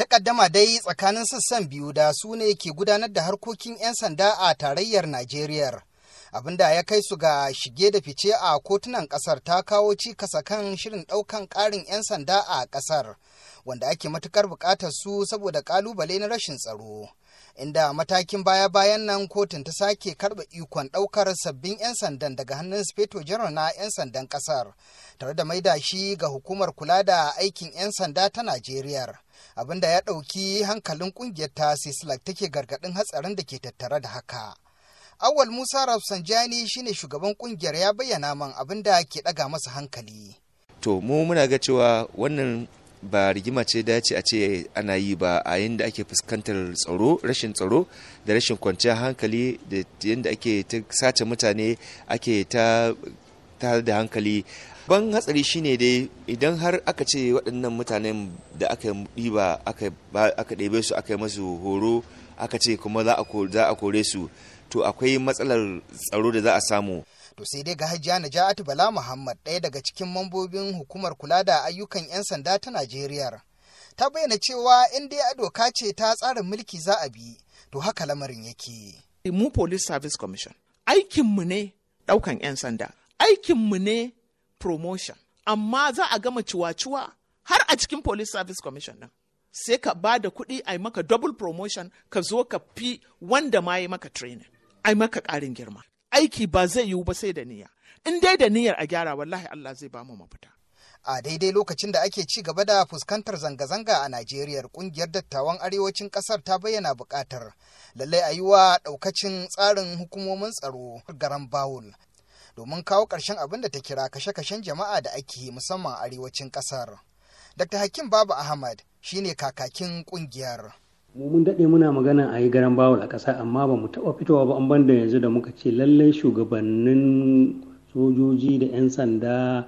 Takaddama dai tsakanin sassan biyu da su ne ke gudanar da harkokin 'yan sanda a tarayyar Najeriya. da ya kai su ga shige da fice a kotunan kasar ta kawo cikasa kan shirin daukan karin 'yan sanda a kasar wanda ake matukar bukatar su saboda kalubale na rashin tsaro inda matakin baya-bayan nan kotun ta sake karɓa ikon ɗaukar sabbin 'yan sandan daga hannun speto general na 'yan sandan ƙasar tare da maida shi ga hukumar kula da aikin 'yan sanda ta najeriya abinda ya ɗauki hankalin ƙungiyar ta sislak take gargaɗin hatsarin da ke tattare da haka awal musa rafsanjani shine shugaban ƙungiyar ya bayyana man abinda ke ɗaga masa hankali to mu muna ga cewa wannan ba rigima ce dace a ce ana yi ba a yadda ake fuskantar tsaro rashin tsaro da rashin kwanciyar hankali da yadda ake ta sace mutane ake ta tare da hankali ban hatsari shine dai idan har aka ce waɗannan mutanen da aka yi ba aka ɗebe su aka yi masu horo aka ce kuma za a kore su to akwai matsalar tsaro da za a samu To sai dai ga Hajiya Naja'atu Bala Muhammad ɗaya daga cikin mambobin hukumar kula da ayyukan 'yan sanda ta Najeriya. Ta bayyana cewa in dai a doka ce ta tsarin mulki za a bi, to haka lamarin yake. Mu Police Service Commission, aikinmu ne ɗaukan 'yan sanda, aikinmu ne promotion, amma za a gama ciwa-ciwa har a cikin Police Service Commission nan. Sai ka ba da kuɗi a maka double promotion ka zo ka fi wanda ma yi maka training, a maka ƙarin girma. aiki ba zai yiwu ba sai da niyya in dai da niyyar a gyara wallahi Allah zai ba mu mafita a daidai lokacin da ake ci gaba da fuskantar zanga-zanga a Najeriya kungiyar dattawan arewacin kasar ta bayyana buƙatar lallai a yi wa ɗaukacin tsarin hukumomin tsaro garan bawul domin kawo ƙarshen abin da ta kira kashe-kashen jama'a da ake musamman arewacin ƙasar. Dr. Hakim Baba Ahmad shine kakakin ƙungiyar. mu mun daɗe muna magana a yi garan bawul a ƙasa amma ba mu taɓa fitowa ba an banda yanzu da muka ce lallai shugabannin sojoji da 'yan sanda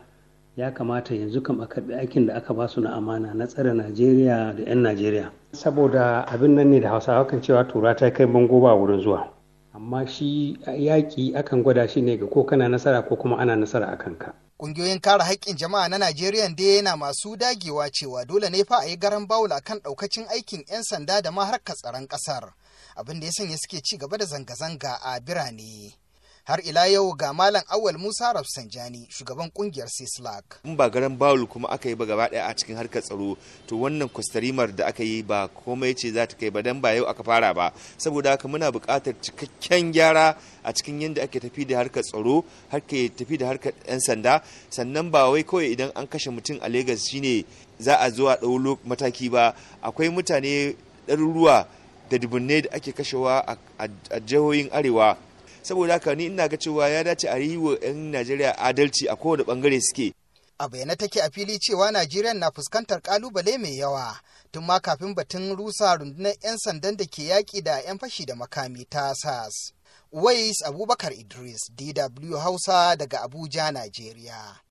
ya kamata yanzu kam a karɓi aikin da aka ba su na amana na tsare najeriya da 'yan najeriya saboda abin nan ne da hausawa kan cewa tura ta kai bango ba wurin zuwa amma shi yaƙi akan gwada shi ne ga ko kana nasara ko kuma ana nasara a kanka Ƙungiyoyin kare haƙƙin jama'a na Najeriya da yana masu dagewa cewa dole ne fa a yi garan bawul akan ɗaukacin aikin 'yan sanda da ma harkar tsaron ƙasar. Abin da ya sanya suke ci gaba da zanga-zanga a birane. har ila yau ga malam awal musa rafsanjani shugaban kungiyar sislak in ba garan bawul kuma aka yi ba gaba daya a cikin harkar tsaro to wannan kwastarimar da aka yi ba komai ce za ta kai ba dan ba yau aka fara ba saboda haka muna buƙatar cikakken gyara a cikin yadda ake tafi da harkar tsaro harke tafi da harkar 'yan sanda sannan ba wai kawai idan an kashe mutum a lagos shine za a zo a ɗau mataki ba akwai mutane ɗaruruwa da dubunne da ake kashewa a jihohin arewa saboda haka ni ina ga cewa ya dace a yi wa 'yan najeriya adalci a kowane bangare suke a bayyana take a fili cewa najeriya na fuskantar kalubale mai yawa tun ma kafin batun rusa rundunar 'yan sandan da ke yaƙi da 'yan fashi da makami ta sas Ways abubakar idris dw hausa daga abuja najeriya